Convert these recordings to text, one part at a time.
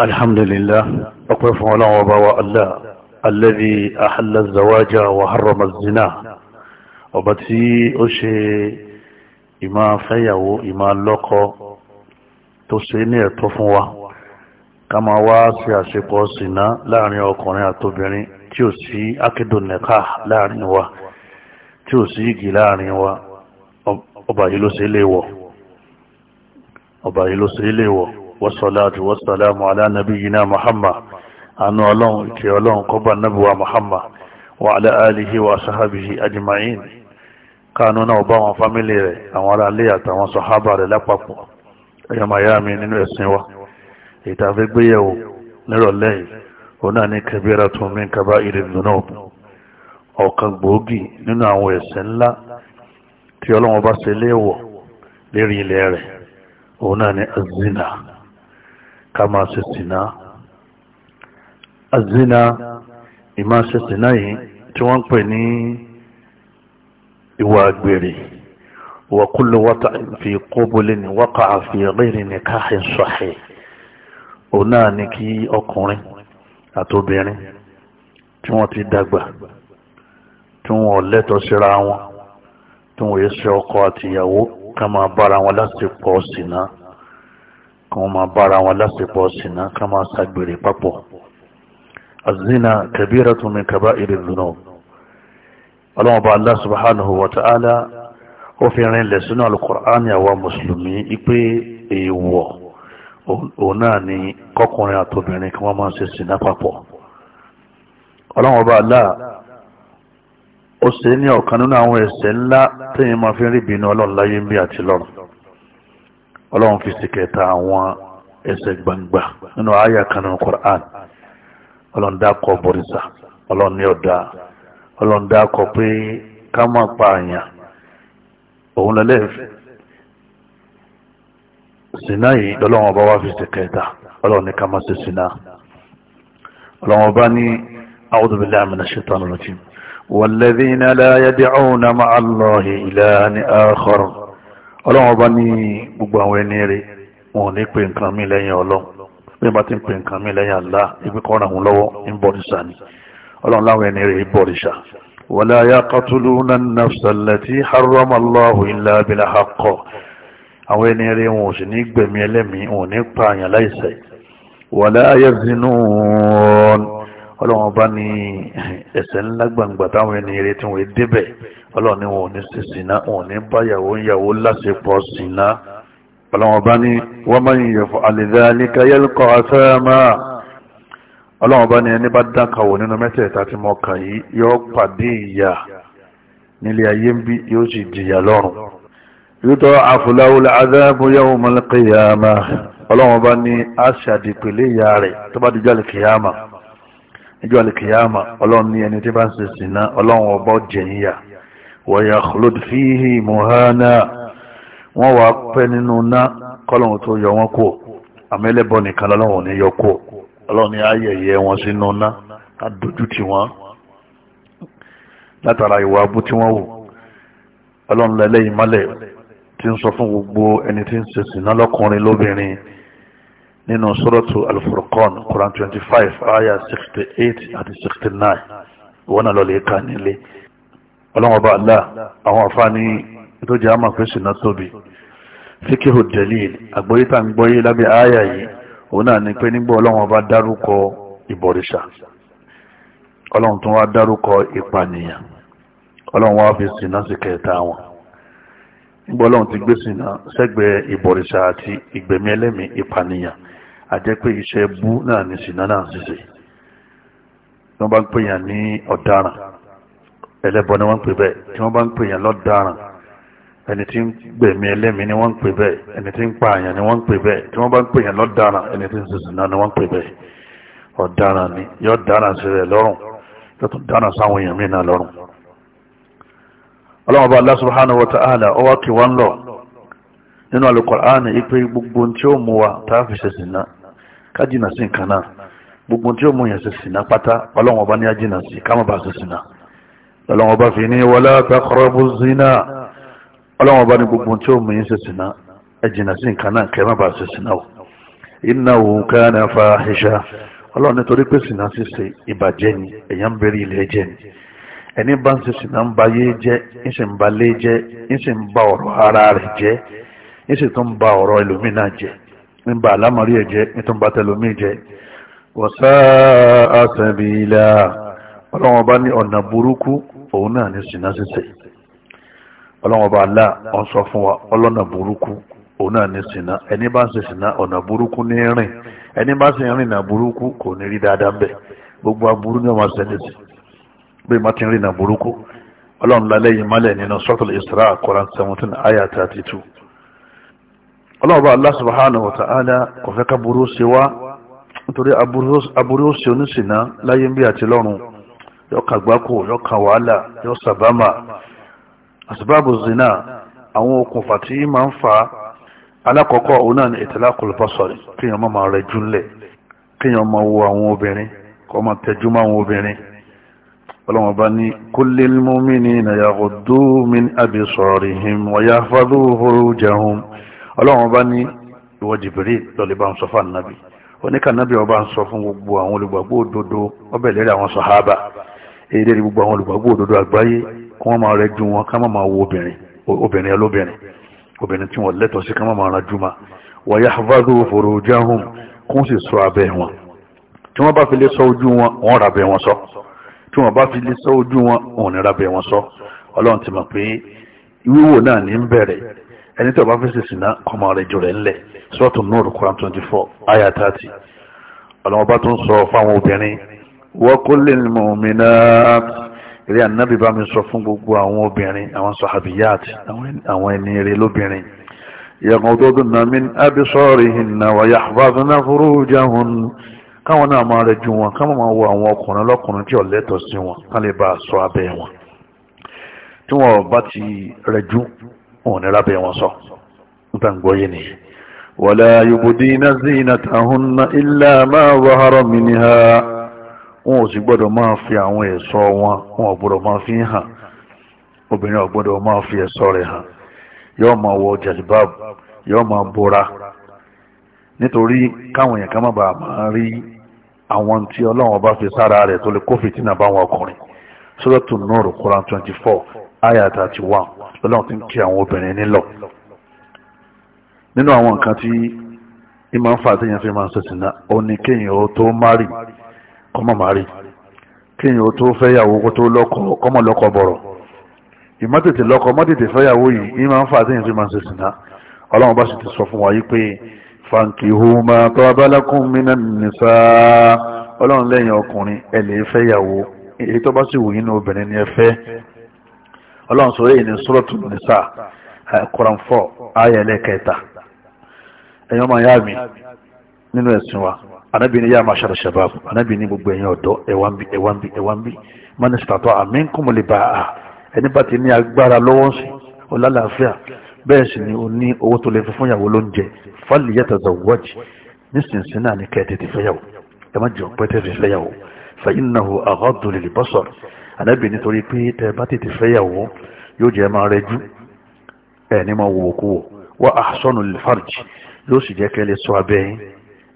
الحمد لله أقف على وبواء الله الذي أحل الزواج وحرم الزنا وبتي أشي إما فيو إما لقو تسيني التفوة كما واسع سيقو سنا لعني أن يكون أتبعني تيوسي أكد النقاح لا أن يوا تيوسي لا أن أبا يلو سيليو أبا يلو سيليو wasalaatu wasalaamu ala nabiyina muhammad anu ọlọ́run ìkẹ́ ọlọ́run kọ́ba nabuwa muhammad wa ala alihi wa sahabihi ajma'in kánú náà bá wọn fámílì rẹ̀ àwọn ará ilé àtàwọn sọ̀hábà rẹ̀ lápapọ̀ ẹ̀yọ́ miami nínú ẹ̀sìn wa ìtàfẹ́ gbéyẹ̀wò nírọ̀lẹ́ yìí òun náà ní kẹbíra tún min kaba'iri dhunub ọ̀kan gbòógì nínú àwọn ẹ̀ṣẹ̀ ńlá tí ọlọ́wọ́n bá ṣe léèwọ̀ lérí ilẹ̀ rẹ̀ òun náà ní azina ká máa ṣe sìná azina ìmáa ṣe sìná yìí tí wọ́n ń pè ní ìwà àgbèrè wa kullu wata'in fi qubulin waqa'a fi ghayri nikahin sahih òun náà ni kí ọkùnrin àtobìnrin tí wọ́n ti dàgbà tí wọ́n lẹ́tọ̀ọ́ síra wọn tí wọ́n yẹ ṣe ọkọ àtìyàwó ká máa bára wọn láti pọ̀ sínú kan máa bára wọn lásìkò ṣìnà ká máa ṣàgbèrè papọ̀ azina kabiratun min kaba'iri dhunub ọlọ́wọ́n bá Allah subhanahu wa ta'ala ó fi rin lẹ̀ sínú alukur'ani àwa mùsùlùmí ipe èèwọ̀ òun náà ni kọkùnrin àtòbìnrin kí wọ́n máa ṣe ṣìnà papọ̀ ọlọ́wọ́n bá Allah ó ṣe ní ọ̀kan nínú àwọn ẹ̀ṣẹ̀ ńlá tẹ́yìn máa fi rí ìbínú ọlọ́run láyé ń bí àti lọ́run ọlọ́run fi sì kẹta àwọn ẹsẹ̀ gbangba nínú àyà kan nínú Qur'an ọlọ́run dákọ̀ bọ̀rìṣà ọlọ́run ní ọ̀dà ọlọ́run dákọ̀ pé ká má pa àyàn òun lọ́lẹ́fẹ̀ sínà yìí lọ́lọ́run ọba wa fi sì kẹta ọlọ́run ní ká má ṣe sínà ọlọ́run ọba ní a'udhu billahi minash shaitanir rajim والذين لا يدعون مع الله إلها آخر ọlọ́run ọba ní gbogbo àwọn ẹni rẹ̀ wọn ò ní pe nǹkan mi lẹ́yìn ọlọ́run bí wọ́n bá ti ń pe nǹkan mi lẹ́yìn Allah ibi kan ràn wọ́n lọ́wọ́ ń bọ̀rìṣà ni ọlọ́run láwọn ẹni rẹ̀ bọ̀rìṣà. wala yaqtuluna an-nafsa allati harrama Allahu illa bil haqq àwọn ẹni rẹ̀ wọn ò sì ní gbẹ̀mí ẹlẹ́mìí wọn ní pa àyàn láìṣẹ̀ wala yazinun ọlọ́run ọba ní ẹ̀ṣẹ̀ ọlọ́run ni wọn ò ní ṣe ṣìnà wọn ò ní báyàwó ń yàwó láṣepọ̀ ṣìnà ọlọ́run bá ní wọ́n máa ń yẹ̀fọ́ àlèdálíkà yẹ́lùkọ́ afẹ́rẹ́mà ọlọ́run bá ní ẹni bá dákàwò nínú mẹ́tẹ̀ẹ̀ta tí mo kà yìí yóò pàdé ìyà nílé ayé ń bí yóò sì jìyà lọ́run yútọ́ àfúláwùlẹ̀ ọlọ́run bá ẹni tí bá ń ṣe ṣìnà ọlọ́run ọba jẹ̀yìn yà ويخلد فيه مهانا ووقفن نونا قالوا تو يوانكو àmẹ́lẹ́ bọ́ nìkan lọ́wọ́ ní yọkó ọlọ́run ní ayẹyẹ wọn sínú ná ká dojú tì wọ́n látara ìwà abú tí wọ́n wù ọlọ́run lẹ́lẹ́yìn mọ́lẹ̀ tí ń sọ fún gbogbo ẹni tí ń sèṣì ná lọ́kùnrin lóbìnrin nínú sọ́rọ́tù al-Furqan Quran twenty five ayah sixty eight àti sixty nine ìwọ́n náà lọ́ọ́ lè ka nílé. ọlọ́wọ́n bá lá àwọn àfáàní tó jẹ́ àmà fẹ́sì náà tóbi fíkíhù dalil àgbóyítà ń gbóyé lábẹ́ àyà yìí òun náà ni pé nígbà dárúkọ ìbọ̀rìṣà ọlọ́run tó wá dárúkọ ìpànìyàn ọlọ́run wá fi sínà sí ọlọ́run ti gbé sínà sẹ́gbẹ̀ẹ́ ìbọ̀rìṣà àti ìgbẹ̀mí ẹlẹ́mí ìpànìyàn àjẹ́ pé iṣẹ́ bú náà ni náà ṣiṣẹ́ wọ́n bá ẹlẹ́bọ ni wọ́n ń pè bẹ́ẹ̀ tí wọ́n bá ń pè yàn lọ́daràn ẹni tí ń gbẹ̀mí ẹlẹ́mí ni wọ́n ń pè bẹ́ẹ̀ ẹni tí ń pa àyàn ni wọ́n ń pè bẹ́ẹ̀ tí wọ́n bá ń pè yàn lọ́daràn ẹni tí ń sèṣìn náà ni wọ́n pè bẹ́ẹ̀ ọ̀daràn ni yóò daràn sí rẹ̀ lọ́rùn yóò tún daràn sáwọn èèyàn míì lọ́rùn. ọlọ́run ọba Allah subhanahu wa ta'ala ọwọ́ kí wọ́n lọ nínú Al-Qur'ani ipe gbogbo tí ó mú wa tá a fi ṣe sìnà ká jìnnà sí nǹkan náà gbogbo lọ́lọ́wọ́n bá fi ní wala taqrabu zina ọlọ́wọ́n bá ní gbogbo tí ó mú yín ṣe sìnà ẹ jìnà sí nǹkan náà kẹ́ má bàa ṣe sìnà o innahu kana fahisha ọlọ́run nítorí pé sìnà ṣíṣe ìbàjẹ́ ni èèyàn ń bẹ̀rẹ̀ ilé ẹjẹ́ ni ẹni bá ń ṣe sìnà ń ba yé jẹ́ ń sì ń ba lé jẹ́ ń sì ń ba ọ̀rọ̀ ara rẹ̀ jẹ́ ń sì tún ń ba àlámọ̀rí ẹ̀ jẹ́ ń ní ọ̀nà burúkú òun náà ní sinna ṣíṣe ọlọ́wọ́n bá lá ọ sọ fún wa ọlọ́nà burúkú òun náà ní ẹni bá ń ṣe sinna ọ̀nà burúkú ní rìn ẹni bá rìn nà burúkú kò ní rí dáadáa gbogbo aburú ní ọmọ sẹ́ni sí bí má ti rìn nà burúkú ọlọ́run lálẹ́ yìí málẹ̀ nínú suratul Isra seventeen thirty two bá wa ká burú ṣe wá nítorí aburú yóò kà gbáko yóò kà wàhálà yóò sàbámà àsìbáàbò zina àwọn okùnfà tí máa ń fa alákọ̀ọ́kọ́ òun náà ni itlaqul basari kéèyàn má máa rẹ júlẹ̀ kéèyàn máa wo àwọn obìnrin kó máa tẹjú mọ́ àwọn obìnrin ọlọ́wọ́n bá ní kullil mu'minina yaghuddu min absarihim wa yahfadhu furujahum ọlọ́wọ́n bá ní ìwọ Jibril lọ́lẹ̀ bá ń sọ fún ànábì oníkànnábì ọba ń sọ fún gbogbo àwọn olùgbàgbọ́ òdodo ọbẹ̀ lérí àwọn sàhábà èdè ní gbogbo àwọn olùgbàgbọ́ òdodo àgbáyé kí wọ́n máa rẹ ju wọn ká má máa wo obìnrin obìnrin olóbìnrin obìnrin tí wọ́n lẹ́tọ̀ọ́ sí ká má máa ra juma wa yahfadhu furujahum kún sì sọ abẹ́ wọn tí wọ́n bá fi lè sọ ojú wọn wọ́n ra abẹ́ wọn sọ tí wọ́n bá fi lè sọ ojú wọn wọ́n ní ra abẹ́ wọn sọ ọlọ́run ti mọ̀ pé wíwò náà ní bẹ̀rẹ̀ ẹni tí ọba fi ṣe sìnà kọ́ máa rẹ jù rẹ̀ ńlẹ̀ sọ́ọ̀tún Nur Quran twenty four ọlọ́run bá tún sọ fáwọn obìnrin wọ́kúlì mọ̀mìnà eré ànábì bá mi sọ fún gbogbo àwọn obìnrin àwọn sọ̀hábìyàt àwọn ẹni eré lóbìnrin yaghududna min absarihinna wa yahfazna furujahun káwọn náà máa rẹjú wọn káwọn máa wo àwọn ọkùnrin lọ́kùnrin tí ọ̀lẹ́tọ̀ sí wọn ká lè bá a sọ abẹ́ wọn tí wọn bá ti rẹjú wọn ní rábẹ́ wọn sọ níta ń gbọ́yé nìyí wala yubdina zinatahunna illa ma zahara minha wọn ò sì gbọ́dọ̀ máa fi àwọn ẹ̀ṣọ́ wọn wọn ò fi hàn obìnrin ọgbọdọ ma máa fi ẹ̀ṣọ́ rẹ̀ hàn yọọ ma wọ jàdìbáàbù yọọ ma bora nítorí káwọn èèyàn kan má bàa máa rí àwọn tí ọlọ́wọ́n bá fi sára rẹ̀ tó lè bá wọn ọkùnrin nọ́ọ̀rù ti ń kí àwọn obìnrin nínú àwọn nǹkan tí ìmọ̀ ń fà fi kọ́mọ màárì kí ni o tó fẹ́yàwó kó tó lọ́kọ kọ́mọ lọ́kọ bọ̀rọ̀ ìmọ́tètè lọ́kọ mọ́tètè fẹ́yàwó yìí ní máa ń fà sẹ́yìn sí máa ń ṣe sìnà ọlọ́run bá sì ti sọ fún wa yí pé fankihu ma taba lakum minan nisa ọlọ́run lẹ́yìn ọkùnrin ẹ lè fẹ́yàwó èyí tó bá sì wù nínú obìnrin ni ẹ fẹ́ ọlọ́run sọ èyí ní suratul nisa Quran 4 ẹ̀yọ́ máa yá mi nínú ẹ̀sìn wa anábì ní yá máa ṣàrọ̀ ṣàbáb anábì ní gbogbo ẹ̀yìn ọ̀dọ́ ẹ̀wà ń bí ẹ̀wà ń bí ẹ̀wà ń bí mọ́nísítàtọ̀ àmì ń kùnmọ̀lẹ̀ bá a ẹni bá ti ní agbára lọ́wọ́ sí ọlálàáfíà bẹ́ẹ̀ sì ni o ní owó tó lè fi fún ìyàwó lóúnjẹ fálì yàtọ̀tọ̀ wọ́ọ̀jì nísinsìnyí náà ní kẹ́ ẹ̀ tètè fẹ́yàwó ẹ má jẹun pẹ́ tètè fẹ́yàwó fàyínàhù àgọ́dùn lè bọ́sọ̀ ànábì pé tẹ́ bá tètè fẹ́yàwó yóò jẹ́ máa rẹjú ẹ̀ ní máa wò wò kú wọ́n àṣọ́nù lè fàrjì yóò sì jẹ́ kẹ́ sọ abẹ́yìn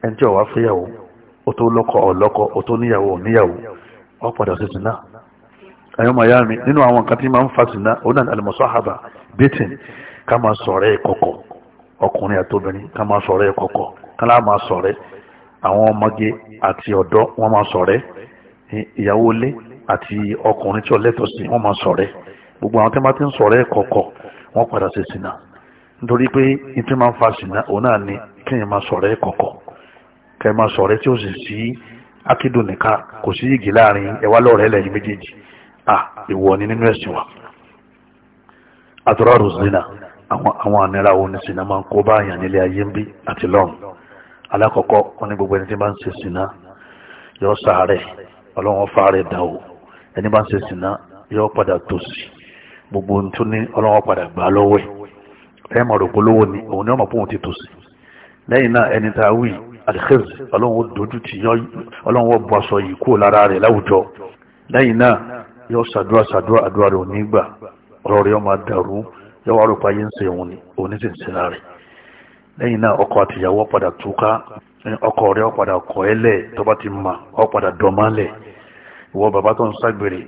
ẹni tí ọ̀wá fẹ́yàwó ó tó lọ́kọ ọ̀lọ́kọ ó tó níyàwó òníyàwó ó padà sí sinna ẹ̀yọ́ miami nínú àwọn nǹkan tí ma ń fa sinna ó náà al-musahaba dating ká máa sọ̀rẹ́ kọ̀kọ̀ ọkùnrin àtobìnrin ká máa sọ̀rẹ́ kọ̀kọ̀ ká máa sọ̀rẹ́ àwọn ọmọge àti ọ̀dọ́ wọ́n máa sọ̀rẹ́ ìyàwó ilé àti ọkùnrin tí sí wọ́n máa sọ̀rẹ́ gbogbo àwọn tí wọ́n kẹ́ máa tí o sì sí akídùn nìkan kò sí igi láàrin ẹ̀wá lọ́rẹ̀ẹ́ lẹ́yìn méjèèjì ni nínú ẹ̀sìn wa àtúrọ̀rù zina àwọn àwọn ànira ni sinna máa ń kó bá àyàn nílé ayé ń bí àti wọn gbogbo ẹni tí ń ṣe sinna yọ fa dà o ẹni bá ń ṣe gbogbo tó ní padà gbà ni òun ni ti lẹ́yìn náà ẹni tá a àdìkẹ́sì ọlọ́run dojú ti yọ ọlọ́run bọ́ aṣọ yìí kúrò lára rẹ̀ láwùjọ lẹ́yìn náà yọ ṣàdúrà ṣàdúrà àdúrà rẹ̀ òní gbà ọ̀rọ̀ rẹ̀ ọmọ dàrú yọ wà rúpa yín ṣe òun òní sì ń ṣe lára rẹ̀ lẹ́yìn náà ọkọ àtìyàwó padà túká ọkọ rẹ̀ ọ̀padà kọ̀ ẹ́ lẹ̀ tó bá ti mà ọ̀padà dọ̀málẹ̀ ìwọ bàbá tó ń ságbèrè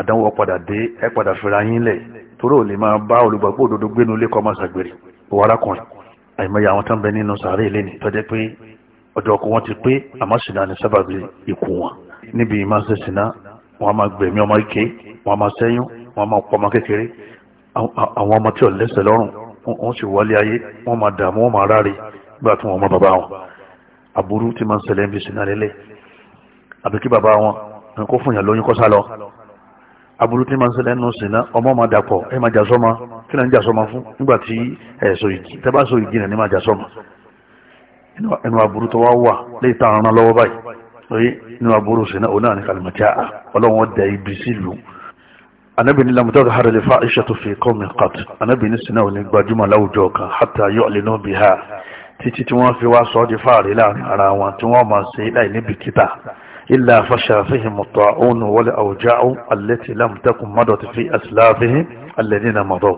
àdánwò ọ̀padà dé ẹ̀ padà fìrà yín lẹ̀ torí ò lè máa bá olùgbàgbọ́ òdodo gbénu lé máa ságbèrè òwò arákùnrin àìmọye àwọn tó ń bẹ nínú sàárè ilé ni tọ́jẹ́ pé ọjọ́ ọkọ wọn ti pé àmọ́ ṣìnà ní sábàbí ikú wọn níbi ìmọ̀ ṣe ṣìnà wọn máa gbẹ̀mí ọmọ ike wọn máa ṣẹ́yún wọn máa pọ̀ ọmọ kékeré àwọn ọmọ tí ò lẹ́sẹ̀ lọ́rùn wọn sì wọlé ayé wọn máa dààmú wọn máa ráre nígbà tí wọn mọ bàbá wọn aburú ti máa ń ṣẹlẹ̀ níbi ṣìnà lélẹ̀ àbí bàbá wọn kó fún yàn lóyún kó lọ aburú tí ma ń ṣẹlẹ̀ nù sínú ọmọ ma dàpọ̀ ẹ ma jà sọ́mọ kí náà ń jà sọ́mọ fún nígbà tí ẹ sọ ìjì tẹ́bá sọ ìjì náà ní ma jà sọ́mọ ẹnu aburú tó wá wà lẹ́yìn tá à ń rán lọ́wọ́ báyìí oye ẹnu aburú sínú òun náà ní kalimatia ọlọ́wọ́n dẹ ibi sílùú anabi ni lamu tọ́ka hara lè fa iṣẹ́ tó fi kọ́ mi kàt anabi ni sinna gbajúmọ̀ láwùjọ kan hàtà yọ lẹ́nu bí ha títí tí wọ́n fi wá sọ di fáàrí láàrin ara wọn tí wọ́n máa ṣe láì níbi kíta إلا فشى فيهم الطاعون والأوجاع التي لم تكن مضت في أسلافهم الذين مضوا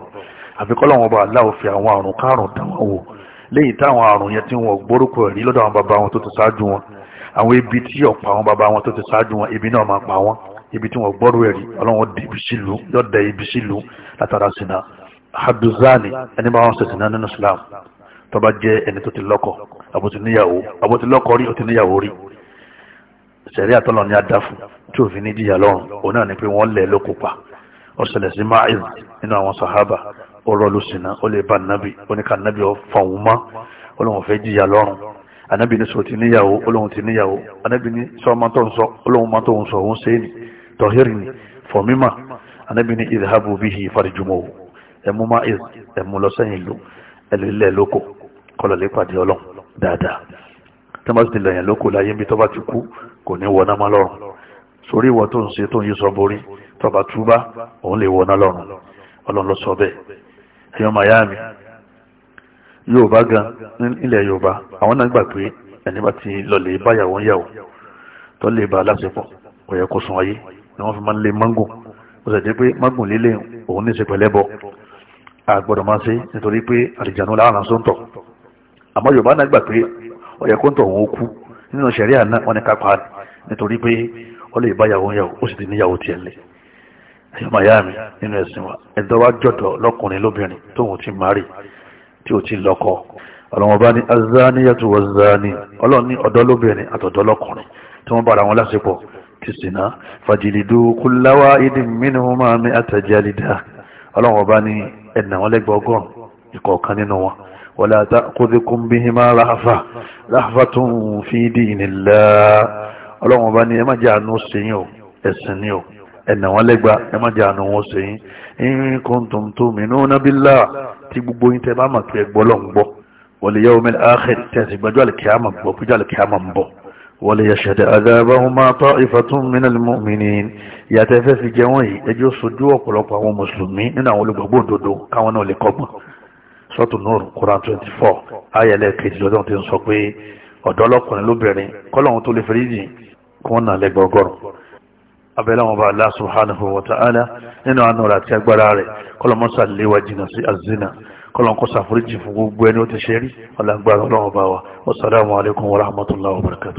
àfi kọ́lọ́wọ́n ọba aláwọ̀ fi àwọn àrùn kárùn dáwọn wò léyìí táwọn àrùn yẹn tí wọ́n gbórúkọ rí lọ́dọ̀ àwọn bàbá wọn tó ti ṣáájú wọn àwọn ibi tí ọ̀pá àwọn bàbá wọn tó ti ṣáájú wọn ibi náà máa pa wọn ibi tí wọ́n gbọ́rú ẹ̀rí ọlọ́wọ́n dé ibi sílùú yóò dé ibi sílùú látara sinà abdulzani ẹni bá wọn ṣe sinà nínú Islam tó bá jẹ́ ẹni tó ti lọ́kọ àbótiníyàwó àbótiníyàwó rí sẹ̀rí àtọ́nà ní adáfù tí òfin ní jíyà lọ́rùn òun náà ni pé wọ́n lẹ̀ lóko pa ọ̀sẹ̀lẹ̀ sí máàz nínú àwọn sàhábà ó rọ́ọ̀lù sínà ó lè bá nàbì oníkà nàbì fọ̀hún mọ́ olóhùn fẹ́ jíyà lọ́rùn anábì ní sọ ti níyàwó olóhùn ti níyàwó anábì ní sọ ọmọ tó ń sọ olóhùn mọ́ tó ń sọ òun ṣe é ní tọ́hírì ní fọ̀mímà anábì ní ìdíhábù bíhi farijumọ́ ẹ̀mú tí wọ́n ti lẹ̀yìn lóko láyé bí tó bá ti kú kò ní wọná má lọ́rùn sórí ìwọ tó ń ṣe tó ń yí sọ borí tó bá túbá òun lè wọná lọ́rùn ọlọ́run ló sọ bẹ́ẹ̀ ẹ̀yọ́ miami yorùbá gan nílẹ̀ yorùbá àwọn náà gbà pé ẹni bá ti lọlẹ̀ báyàwó ń yàwó tó lè ba aláṣepọ̀ kò yẹ kó sun ayé ni wọ́n fi máa ń lé mángò ó sì jẹ́ pé mángò líle òun ní ìṣèpẹ̀lẹ́ ó yẹ kó ń tọ̀ òun ó kú nínú sẹ̀ríà náà wọ́n ní ká pa nítorí pé ó lè yàwó ó sì ti níyàwó tiẹ̀ lẹ̀ ẹ̀yọ́ màyá mi nínú ẹ̀sìn wa ẹ̀dọ́ wa jọ̀dọ̀ lọ́kùnrin lóbìnrin tóun ti márì tí ò ti lọ́kọ ọlọ́wọ́n bá ní azániyàtú wazani ọlọ́run ní ọ̀dọ́ lóbìnrin àtọ̀dọ́ lọ́kùnrin tí wọ́n bára wọn lásìkò ti sìnà fàjìlìdú kúláwá ìdí mínú máa mi àtàjálìdá ọlọ́wọ́n bá ní ẹ̀nà wọn lẹ́gbẹ̀ẹ́ ọgọ́rùn-ún ìkọ̀ọ̀kan nínú wọn ولا تأخذكم بهما لحفة لحفة في دين الله ọlọ́run bá ما ẹ má jẹ́ àánú sẹ́yìn o ẹ̀sìn ni o ẹ̀nà wọn lẹ́gba ẹ má jẹ́ àánú wọn sẹ́yìn in kuntum tu'minuna billah tí gbogbo yín tẹ́ bá mà pé ẹgbọ́ lọ́n gbọ́ wal yawmil akhir tẹ̀sí gbàjọ́ àlùkìyàmà gbọ́ pẹ́jọ́ àlùkìyàmà ń bọ̀ wal yashhad adhabahuma ta'ifatun minal mu'minin ìyàtẹ̀fẹ́ fi jẹ́ wọ́n yìí ẹjọ́ sojú ọ̀pọ̀lọpọ̀ àwọn mùsùlùmí nínú àwọn olùgbàgbọ́ òdodo káwọn náà lè kọ́gbọ́n sọ́tù nùr Quran twenty four ayẹlẹ kejì lọ́dọ̀ tí ń sọ pé ọ̀dọ́ ọlọ́kùnrin lóbìnrin kọ́lọ́hún tó lè fẹ́rí yìí kí wọ́n nà lẹ́gbẹ̀ẹ́ ọgọ́rùn-ún abẹ́lẹ́ wọn bá Allah subhanahu wa ta'ala nínú àánú rẹ̀ àti agbára rẹ̀ kọ́lọ́mọ́sà léwà jìnnà sí azina kọ́lọ́n kó ṣàforíjì fún gbogbo ẹni ó ti ṣe rí ọ̀làgbára ọlọ́run bá wa wasalaamu alaykum wa rahmatullahi wa